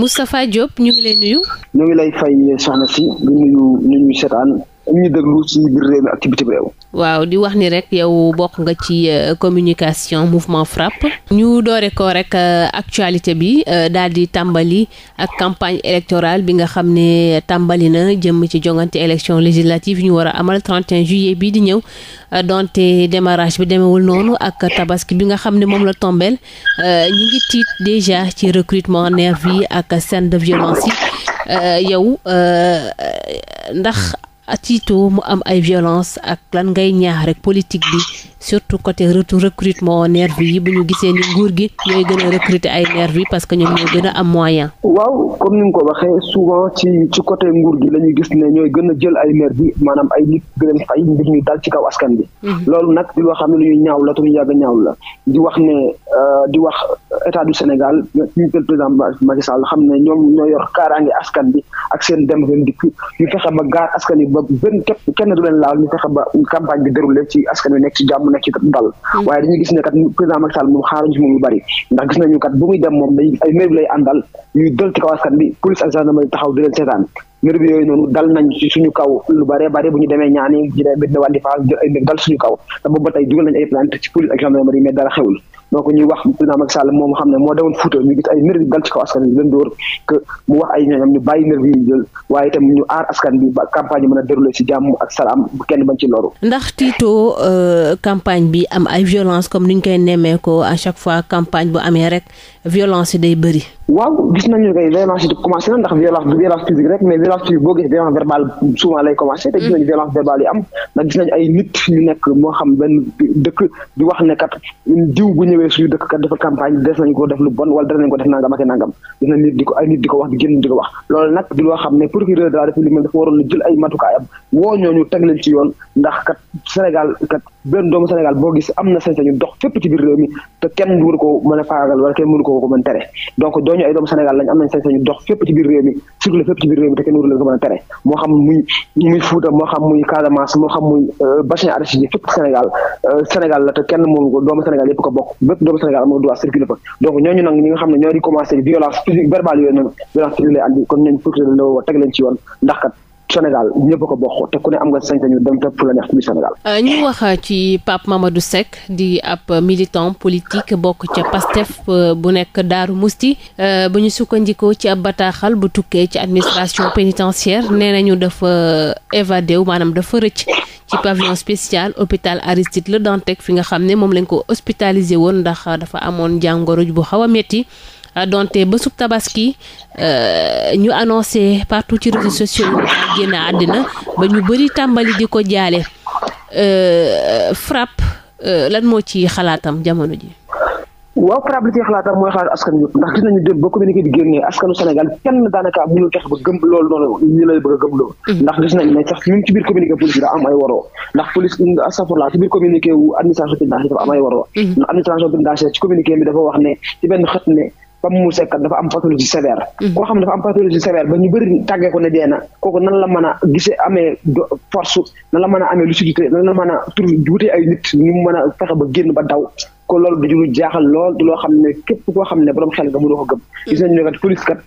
Moustapha Diop ñu ngi lay nuyu. ñoo ngi lay fay soxna si di ñu ñuy seetaan ñu déglu ci biir réew mi activité bi waaw di wax ni rek yow bokk nga ci euh, communication mouvement FRAPP ñu doore ko rek euh, actualité bi euh, daal di tàmbali ak campagne électorale bi nga xam ne tàmbali na jëm ci jongante élection législative ñu war a amal 31 juillet bii di ñëw donte démarrage bi demewul noonu ak tabaski bi nga xam ne moom la tombel ñi ngi tiit déjà ci recrutement nervi yi ak scène de violence yi yow ndax atito mu am ay violence ak lan ngay ñaax rek politique bi surtout côté retour recrutement nervi yi bu ñu gisee ni nguur gi ñooy gën a recruter ay nervi parce que ñoom ñooy gën am moyen waaw comme ni nga ko waxee souvent ci ci côté nguur gi la ñuy gis ne ñooy gën a jël ay nervi maanaam ay nit gën a fay ngir ñuy dal ci kaw askan bi mhm. loolu nag di loo xam ne lu ñuy ñaaw la te ñu yàgg ñaaw la di wax ne euh, di wax état du Sénégal ñu jël président Macky Sall xam ne ñoom ñoo yor kaaraange askan bi ak seen dem seen dikk ñu fexe ba gaar askan yi ba benn képp kenn du leen laal ñu fexe ba campagne bi déroulé ci askan bi nekk ci nekk ci dal mm. waaye dañuy gis ne kat président Macky Sall moom xaaruñu ci moom lu bari ndax gis nañu kat bu muy dem moom day ay maire lay àndal ñuy dal ci kaw askan bi police ak taxaw di leen seetaan mbir bi yooyu noonu dal nañ suñu kaw lu bare bari bu ñu demee ñaani ñu demee benn wàllu faal jël ay mbir dal suñu kaw te boobu ba dugal nañ ay plainte ci police ak xewul donc ñuy wax président Macky Sall moom xam ne moo demoon Fouta ñu gis ay nervi dal ci kaw askan bi leen que mu wax ay ñooñam ñu bàyyi nervi waaye itam ñu aar askan bi ba campagne bi mën a déroulé ci jàmm ak salaam bu kenn bañ ci loru. ndax tiitoo euh, campagne bi am ay violence comme ni ñu koy nemmee ko à chaque fois campagne bu amee rek. violence yi day bëri. waaw gis nañu kay violence yi na ndax violence du violence physique rek mais violence boo gis am ndax gis ñu xam benn dëkk di wax ne kat diw bu ñëwee suñu dëkk dafa campagne def ko def nangam ak nangam ko de la république dafa waroon jël yoon ndax kat Sénégal kat benn doomu Sénégal boo gis am na sañ-sañu dox fépp ci biir réew mi te kenn mënu ko mën a faagal wala kenn mënu ko koo ko donc dooñu ay doomu Sénégal lañ am nañ sañ-sañu dox fépp ci biir réew mi circuler fépp ci réew mi te kenn a doomu Sénégal yëpp ko bokk bépp doomu Sénégal am circuler fa donc ñooñu nag ñi nga xam ne ñoo di violence physique verbale yooyu noonu violence physique andi kon ñooñu procureur la teg leen ci yoon ndax kat Sénégal ñëpp ko bokk te ku ne am nga sañ-sañu dem fépp fu la neex Sénégal. Euh, ñu wax euh, ci Pape Mamadou Seck di ab euh, militant politique bokk ca PASTEF bu nekk Daaru Musti ba ñu sukkandikoo ci ab bataaxal bu tukkee ci administration pénitentiaire nee nañu dafa évadé wu maanaam dafa rëcc ci pavillon spécial hôpital Aristide Le Dantec fi nga xam ne moom lañ ko hospitalisé woon ndax dafa amoon jàngoro bu xaw a Euh, donte bésub tabaski euh, ñu annoncé partout ci réseaux sociaux yi génn àddina ba ñu bari tàmbali di ko jaale euh, FRAPP lan moo ci xalaatam jamono ji. waaw FRAPP li ci xalaatam mooy xalaat askan wi ndax gis nañu démb ba communiqué di génnee askanu Sénégal kenn daanaka mënul tax ba gëm loolu noonu ñu lay bëgg a gëm loolu. Mm-hmm. ndax gis nañ ne sax ñun ci biir communiqué police bi da am ay waroo ndax police astafurla ci biir communiqué wu administration pénitentiaire dafa am mm-hmm. bi dafa wax ne ci benn xët ne. ba mu sekkat dafa am pathologie sévère. Mm-hmm. koo xam ne dafa am pathologie sévère ba ñu bëri tàggee ko ne dee ko kooku nan la mën a gisee amee force na la mën a amee lucidité nan la mën a tur wutee ay nit ñu mën a fexe ba génn ba daw. ko loolu du lu jaaxal lool du loo xam ne képp koo xam ne borom xel nga mënoo ko gëm. Mm-hmm. gis nañu ne kat police kat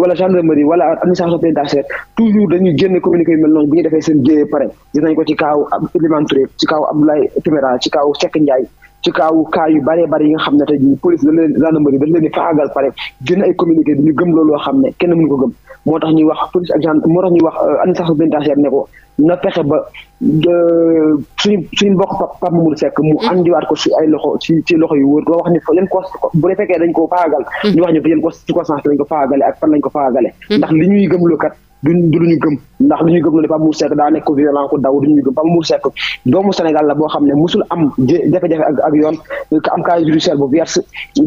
wala gendarmerie wala administration pénitentiaire toujours dañuy génne communiqué yu mel noonu bi ñu defee seen jéyee pare gis nañ ko ci kaaw Elimane Touré ci kaaw Abdoulaye ci kaw Seck Ndiaye ci kaawu kaa yu bëree bëri yi nga xam ne tey jii police dañ leen gendarmerie dañ leen di pare gën ay communiqué di ñu gëm loolu loo xam ne kenn mënu ko gëm moo tax ñuy wax police ak gendarme moo tax ñuy wax euh, administration pénitentiaire ne ko na fexe ba suñu suñu mbokk Pape Pape Mamadou Seck mu mm-hmm. andiwaat ko si ay loxo ci ci loxo yu wóor doo wax ni leen ko bu dee fekkee ko faagal mm-hmm. ñu wax ñu yéen ko circonstance lañ ko faagale ak fan lañ ko faagale mm-hmm. ndax li ñuy gëm loo kat duñ du lu ñu gëm ndax lu ñu gëm loolu Pape Moussa Seck daa nekk ko violent ku daw du ñu gëm Pape Moussa Seck doomu Sénégal la boo xam ne musul am jafe-jafe ak ak yoon am cas judiciaire bu verse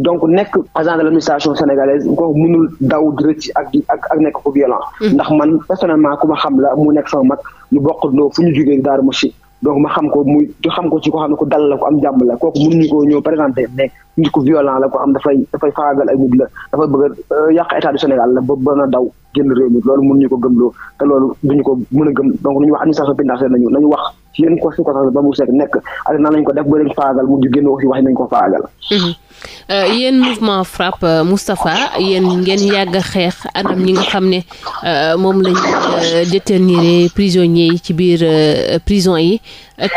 donc nekk agent de l' administration sénégalaise ko mënul daw di rëcc ak ak ak nekk ko violent mm-hmm. ndax man personnellement ku ma xam la mu nekk sama mag ñu bokk ndoo fu ñu jógee Daaru Moussi donc ma xam ko muy xam ko ci ko xam ne ko dal la ko am jàmm la kooku mënuñu ko ñëw présenté mais nit ku violent la ko am dafay dafay faagal ay nit la dafa bëgg a euh, yàq état du Sénégal la ba ba na daw génn réew mi loolu mënuñu ko gëmloo te loolu duñu ko mën a gëm donc ñu wax administration pénitentiaire nañu ñu wax ci ko circonstance mu sekk nekk ak nan ko def ba leen faagal mu génn aussi ko faagal mhm. euh, yéen mouvement FRAPP euh, Moustapha yéen ngeen yàgg a xeex anam ñi nga xam ne euh, moom lañ détenir prisonniers yi ci biir prison yi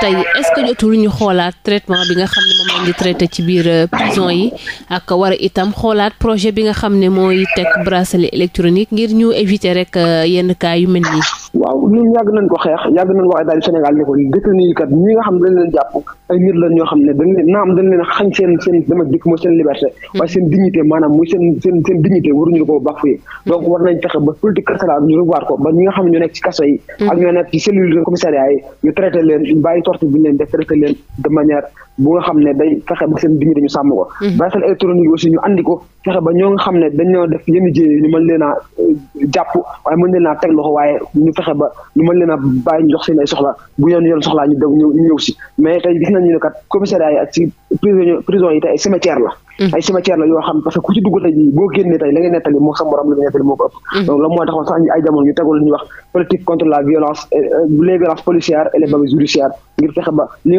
tey est-ce que ñu xoolaat traitement bi nga xam ne moom lañ di traité ci biir prison yi ak war a itam xoolaat projet bi nga xam ne mooy teg bracelet électronique ngir ñu éviter rek yenn cas yu mel nii waaw ñun yàgg nañ ko xeex yàgg nañ wax état du Sénégal ne ko détenu yi kat ñi nga xam ne dañ leen jàpp ay nit la ñoo xam ne dañ leen naam dañ leen xañ seen seen dem ak dikk mooy seen liberté hmm. waaye seen dignité maanaam muy seen seen seen dignité waruñu ko bafoué hmm. donc war nañ fexe ba politique carcérale ñu revoir ko ba ñi nga xam ne ñoo nekk ci kaso yi hmm. ak ñoo nekk ci cellule de commissariat yi ñu traité leen bàyyi torture bi ñu leen def traité leen de manière bu nga xam ne day fexe ba seen dignité ñu sàmm ko bracelet électronique aussi ñu andi ko fexe ba ñoo nga xam ne dañoo def yenn jéye ñu mën leen a euh, jàpp waaye mën leen a teg loxo waaye ñu fexe ba ñu mën leen a bàyyi ñu jox seen ay soxla bu ñoon yoon soxlaa ñu daw ñu ñëw si mais tey nañu ne kat commissariat yi ak ci prison mm. mm. euh, euh, nga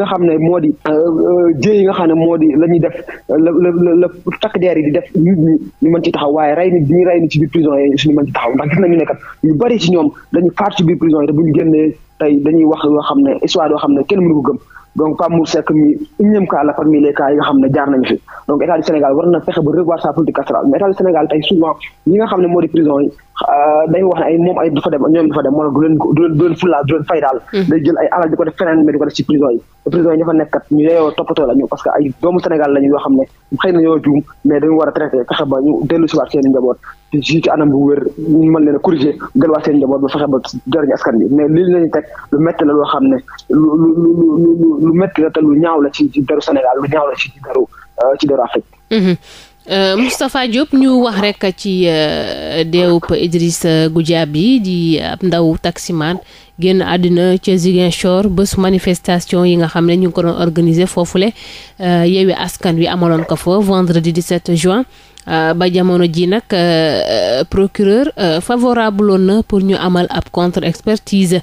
xam ne moo di euh, jéey nga xam ne moo di la def la takk deer yi di def ñu mën ci taxaw waaye rey nit ci biir prison yi dañu faat ci biir prison yi te bu tey dañuy wax yoo xam ne histoire yoo xam ne kenn mënu ko gëm donc Pape Moussa Seck mi xam ne jaar nañu fi donc état du Sénégal war na fexe ba politique carcérale Sénégal tey souvent ñi xam ne moo prison yi euh, dañu ay du fa dem du leen du du leen fay daal hmm. day jël ay alal di ko def feneen mais ko def ci prison yi te prison yi ña fa nekk kat ñu yeyoo toppatoo la parce que ay doomu Sénégal la ñu xam ne xëy na ñoo juum mais dañu war a traité fexe ba ñu dellu si waat seen njaboot di ji ci anam bu wér ñu mën leen a corriger delluwaat seen njaboot ba fexe ba jëriñ askan bi mais li lañu teg lu métti la loo xam ne lu lu lu lu lu ñaaw la ci ci deru Sénégal lu ñaaw la ci euh, deru Afrique. Uh, Moustapha ñu wax rek ci uh, deewub Idrissa Goudiaby di ab ndaw taximan génn àddina ca Ziguinchor bés manifestation yi nga xam ne ñu ngi ko doon organiser foofule uh, Yewwi Askan Wi amaloon ko fa vendredi 17 juin Euh, ba jamono ji nag euh, euh, procureur favorable woon na pour ñu amal ab contre expertise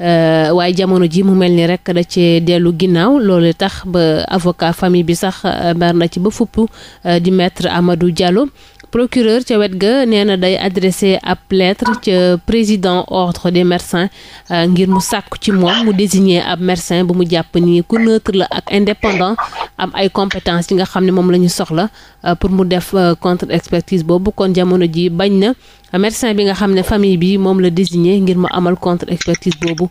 waaye jamono ji mu mel ni rek da cee dellu ginnaaw loolu tax ba avocat famille bi sax mer na ci ba fupp di maître Amadou Diallo procureur ca wet ga nee na day adressé ab lettre ca président ordre des médecins ngir mu sàkku ci moom mu désigner ab mercin bu mu jàpp ni ku neutre la ak indépendant am ay compétences yi nga xam ne moom la ñu soxla pour mu def contre expertise boobu kon jamono ji bañ na médecin bi nga xam ne famille bi moom la désigné ngir ma amal contre expertise boobu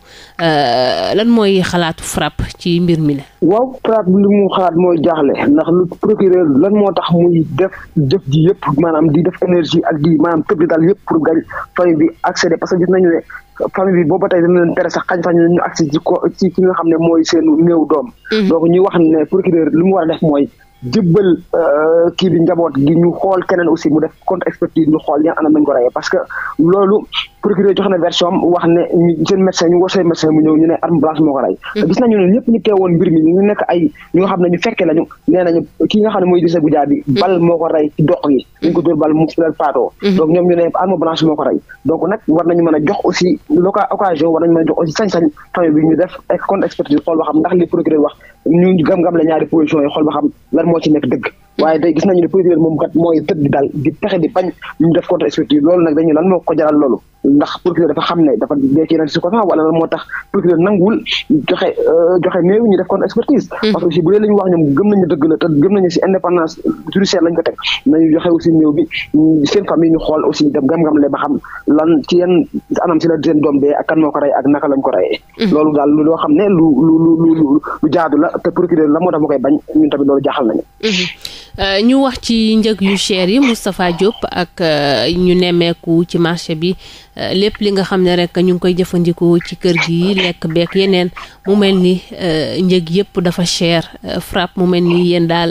euh, lan mooy xalaatu FRAPP ci mbir mi la. waaw FRAPP li mu xalaat mooy jaaxle ndax lu procureur lan moo tax muy def jëf ji yëpp maanaam di def énergie ak di maanaam tëb di daal yëpp pour gañ famille bi accéder parce que gis nañu ne famille bi booba tey dina leen tere sax xañ sax ñu accès ci ki nga xam ne mooy seen néew doom. Mhm. donc jébbal euh, kii bi njaboot gi ñu xool keneen aussi mu def contre expertise ñu xool ña anam nañ ko reyee parce que loolu procureur jox na version am wax ne seen médecin ñu woo seen mu ñëw ñu ne arme blanche moo ko rey hmm. ne ñëpp ñu teewoon mbir mi ñu nekk ay ñu xam ne ñu fekke lañu ne mooy Idrissa Goudiaby hmm. bal moo ko rey ci hmm. bal mu fi faatoo donc ñoom ñu ne arme blanche moo donc nag war nañu mën a jox aussi occasion war nañu mën a jox aussi sañ-sañ famille bi ñu def contre expertise xool ndax li procureur wax ñu gam-gam la ñaari position yi xool ba waaye de gis nañu ne président moom kat mooy tëdd di daal di pexe di bañ ñu def contre expertise loolu nag dañu lan moo ko jaral loolu ndax procureur dafa xam ne dafa dee ci su ko sax wala lan moo tax procureur nanguwul joxe euh, joxe néew ñu def contre expertise hmm. parce que aussi bu dee la ñu wax ñoom gëm nañu dëgg la te si indépendance judiciaire lañ ko ñu xool aussi dem gam-gam le ba xam lan ci yan anam si la seen doom dee ko rey ak naka lañ ko reyee hmm. loolu daal loo xam ne lu lu lu lu jaadu la procureur la moo tax ma koy bañ ñun tamit loolu jaaxal nañu hmm. Euh, ñu wax ci njëg yu cher yi Moustapha Diop ak euh, ñu nemmeeku ci marché bi euh, lépp li nga xam ne rek ñu ngi koy jëfandikoo ci kër gi lekk beek yeneen mu mel ni njëg yëpp dafa cher frappe mu mel ni yéen daal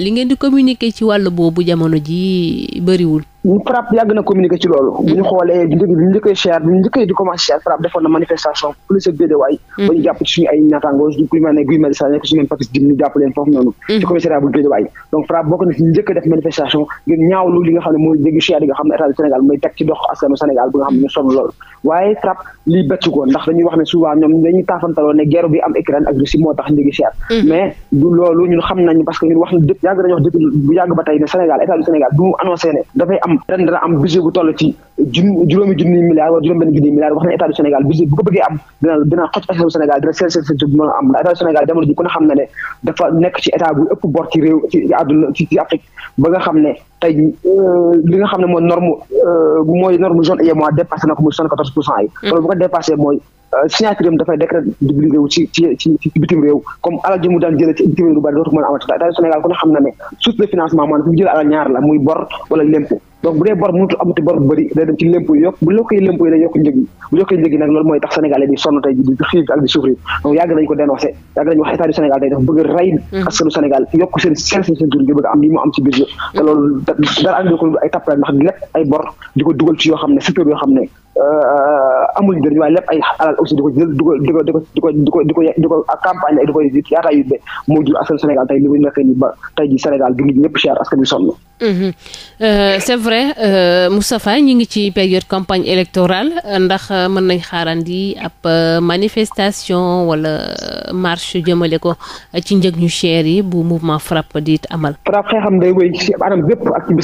li ngeen di communiquer ci wàll boobu jamono ji bëriwul. FRAPP yàgg na communiqué ci loolu. bu ñu xoolee bu ñu njëkkee cher bu ñu njëkkee di commencé cher FRAPP defoon na manifestation police ak bédéwaay. Hmm. ba ñu jàpp ci suñu ay naataangoo ku ñu mel ne Guy Marius Sagna nekk suñu Papis Diouf ñu jàpp leen foofu noonu. Hmm. ci commissariat bu bédéwaay donc FRAPP bokk na ci njëkk def manifestation ngir ñaawlu li nga xam ne mooy jéggi cher yi nga xam ne état du Sénégal mooy teg ci dox askanu Sénégal bi nga xam ne ñu sonn loolu. waaye FRAPP lii bëcc ko ndax dañuy wax ne souvent ñoom dañuy taafantaloo ne guerre bi am Ukraine ak Russie moo tax njëgi cher hmm. mais du loolu ñun xam nañu parce que ñun wax na yàgg dañu wax bu yàgg ba tey ne Sénégal état du Sénégal du annoncé ne dafay am am ren dana am budget bu toll ci juróomi junniy milliards wala juróom benn junniy milliards wax na état du Sénégal budget bu ko bëggee am dina dina xoj Sénégal dina a Sénégal jamono ji ku ne dafa nekk ci état bu ëpp bor ci réew ci àdduna ci Afrique ba nga xam ne tey jii euh, nga xam ne mooy norme euh, mooy norme zone UEMOA na ko muy quatorze pour cent yi. Mm. loolu bu euh, Sénégal ku ne wax état du Sénégal tey dafa bëgg a Sénégal yokk seen seen seen seen tur ngir bëgg am li mu am ci budget te loolu dara andi ko ay tappaay ndax lépp ay bor di ko dugal ci yoo xam ne secteur yoo xam ne Euh, amul njëriñ waaye lépp ay alal aussi di di ko di ko ko di ko di ko di ko campagne ak di koy yaataa yu be moo jur askan mhm. euh, c'est vrai euh, Moustapha ñu ngi ci période campagne électorale ndax mën nañ xaarandi ab manifestation wala marche jëmale ko ci njëg ñu cher yi bu mouvement FRAPP di amal. FRAPP xeexam day wéy ci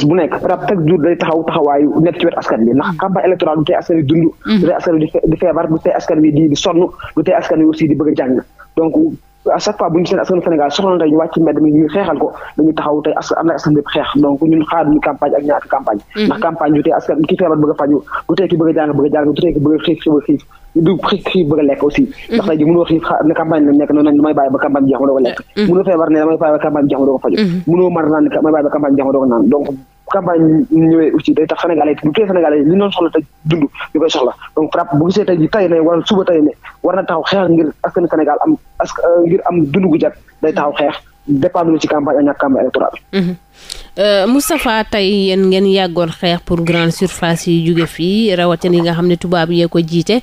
bu nekk FRAPP taxaw taxawaayu nekk ci wet askan bi ndax campagne électorale bu tey askan Mhm. wi dund. askan di feebar du tee askan wi di di bëgg a jàng donc à chaque fois bu ñu Sénégal soxla na tey ñu mi ñuy ko dañuy taxaw tey askan am na donc ñun xaaruñu campagne ak mhm. feebar bëgg a faju du tee ki bëgg a jàng bëgg jàng du tee ki bëgg xiif bëgg lekk aussi mhm. ndax tey ji xiif ne campagne lañ nekk noonu damay bàyyi ba campagne bi jeex ma doo ko faju mënoo mar naan damay bàyyi ba campagne bi jeex ma doo ko naan campagne ñëwee aussi day tax sénégalais bu tee sénégalais li noonu soxla tey dund ñu koy soxla donc FRAPP bu gisee tay ne wala suba tay euh, ngir am dund gu jag day taxaw xeex dépendre ci campagne ak ñàkk campagne électorale mhm. euh, Moustapha tey yéen ngeen yàggoon xeex pour grande surface yi jóge fii rawatina yi nga xam ne tubaab yee ko jiite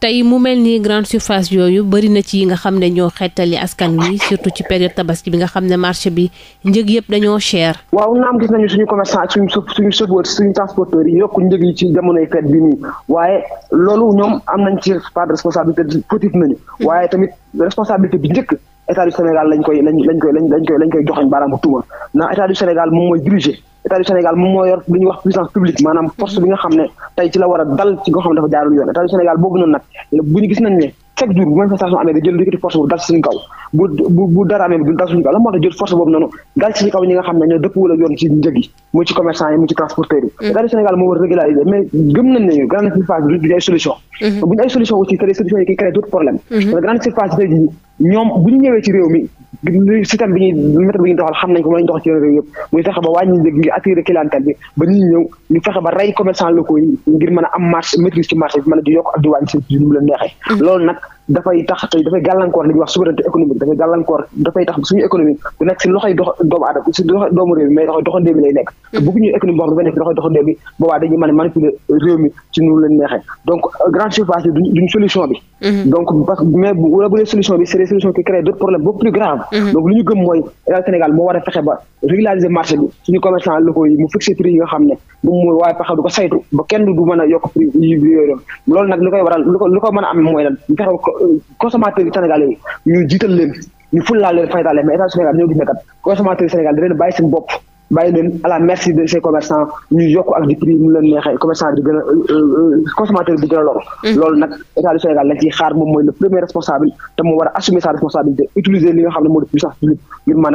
tey mu mel ni grande surface yooyu bëri na ci yi nga xam ne ñoo xettali askan wi surtout ci période tabaski bi nga xam ne marché bi njëg yëpp dañoo cher. waaw am gis nañu suñu commerçant suñu suñu chauffeur suñu transporteur yi yokk njëg yi ci jamonoy fête bi nii waaye loolu ñoom am nañ ci part de responsabilité tuuti nañu hmm. waaye tamit responsabilité bi njëkk. état du Sénégal lañ koy lañ koy lañ koy lañ koy joxañ baaraamu tuuma na état du Sénégal moom mooy diriger état du Sénégal moom moo yor lu ñuy wax puissance publique maanaam force bi nga xam ne tey ci la war a dal ci nga xam ne dafa jaarul yoon état du Sénégal boobu noonu nag bu ñu gis nañ ne chaque jour bu manifestation amee da jël yëkkati force boobu dal ci suñu bu bu dara amee dal ci la moo tax jël force boobu noonu dal ci suñu ñi nga xam ne ñoo dëppwul ak yoon ci njëg mu ci commerçant yi mu ci transporteurs yi état mm. Sénégal moo war a mais gëm nañ grande surface bi duñu ay solution mm-hmm. bu ñu ay solution aussi que des solutions yi qui créent d'autres problèmes mm-hmm. grande surface tey jii ñoom bu ñu ñëwee ci réew mi système bi ñuy bi ñuy doxal xam nañ ko mooy doxal ci yeneen réew yëpp muy fexe ba wàññi njëg gi attirer clientèle bi ba ñuy ñëw ñu fexe a rey commerçant locaux yi ngir mën a am marché maîtrise ci marché bi mën a di yokk ak di wàññi si lu mu leen neexee mm. loolu dafay tax tey dafay gàllankoor li ñuy wax souveraineté économique dafay gàllankoor dafay tax suñu économie si loxoy doomu aadama mais loxoy doxandéem lay nekk mm. te bëgg si loxoy doxandéem bi boobaa dañuy a manipuler réew mi ci nu leen neexee donc euh, grande surface yi duñ solution bi mm-hmm. donc mais wala bu solution bi c'est des solutions qui créent d'autres problèmes beaucoup plus graves mm-hmm. donc li ñu gëm mooy Sénégal moo war a fexe ba régulariser marché bi suñu mu fixé prix nga xam ne moom mooy waaye fexe du saytu ba kenn du mën a yokk prix yi loolu nag état Sénégal Sénégal nag état xaar mooy le premier responsable te moo war a sa responsabilité utiliser li nga xam ne moo di puissance publique ngir mën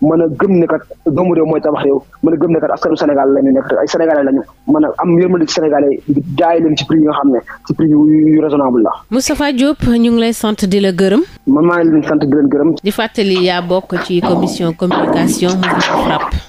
mën a gëm ne kat doomu réew mooy tabax réew mën a gëm ne kat askanu Sénégal la ñu nekk ay sénégalais la ñu mën a am yërmande ci sénégalais jaay leen ci prix yi nga xam ne ci prix yu raisonnable la. Moustapha Diop ñu ngi lay sant di la gërëm. ma maa ngi leen sant di leen gërëm. di fàttali yaa bokk ci commission communication bu FRAPP.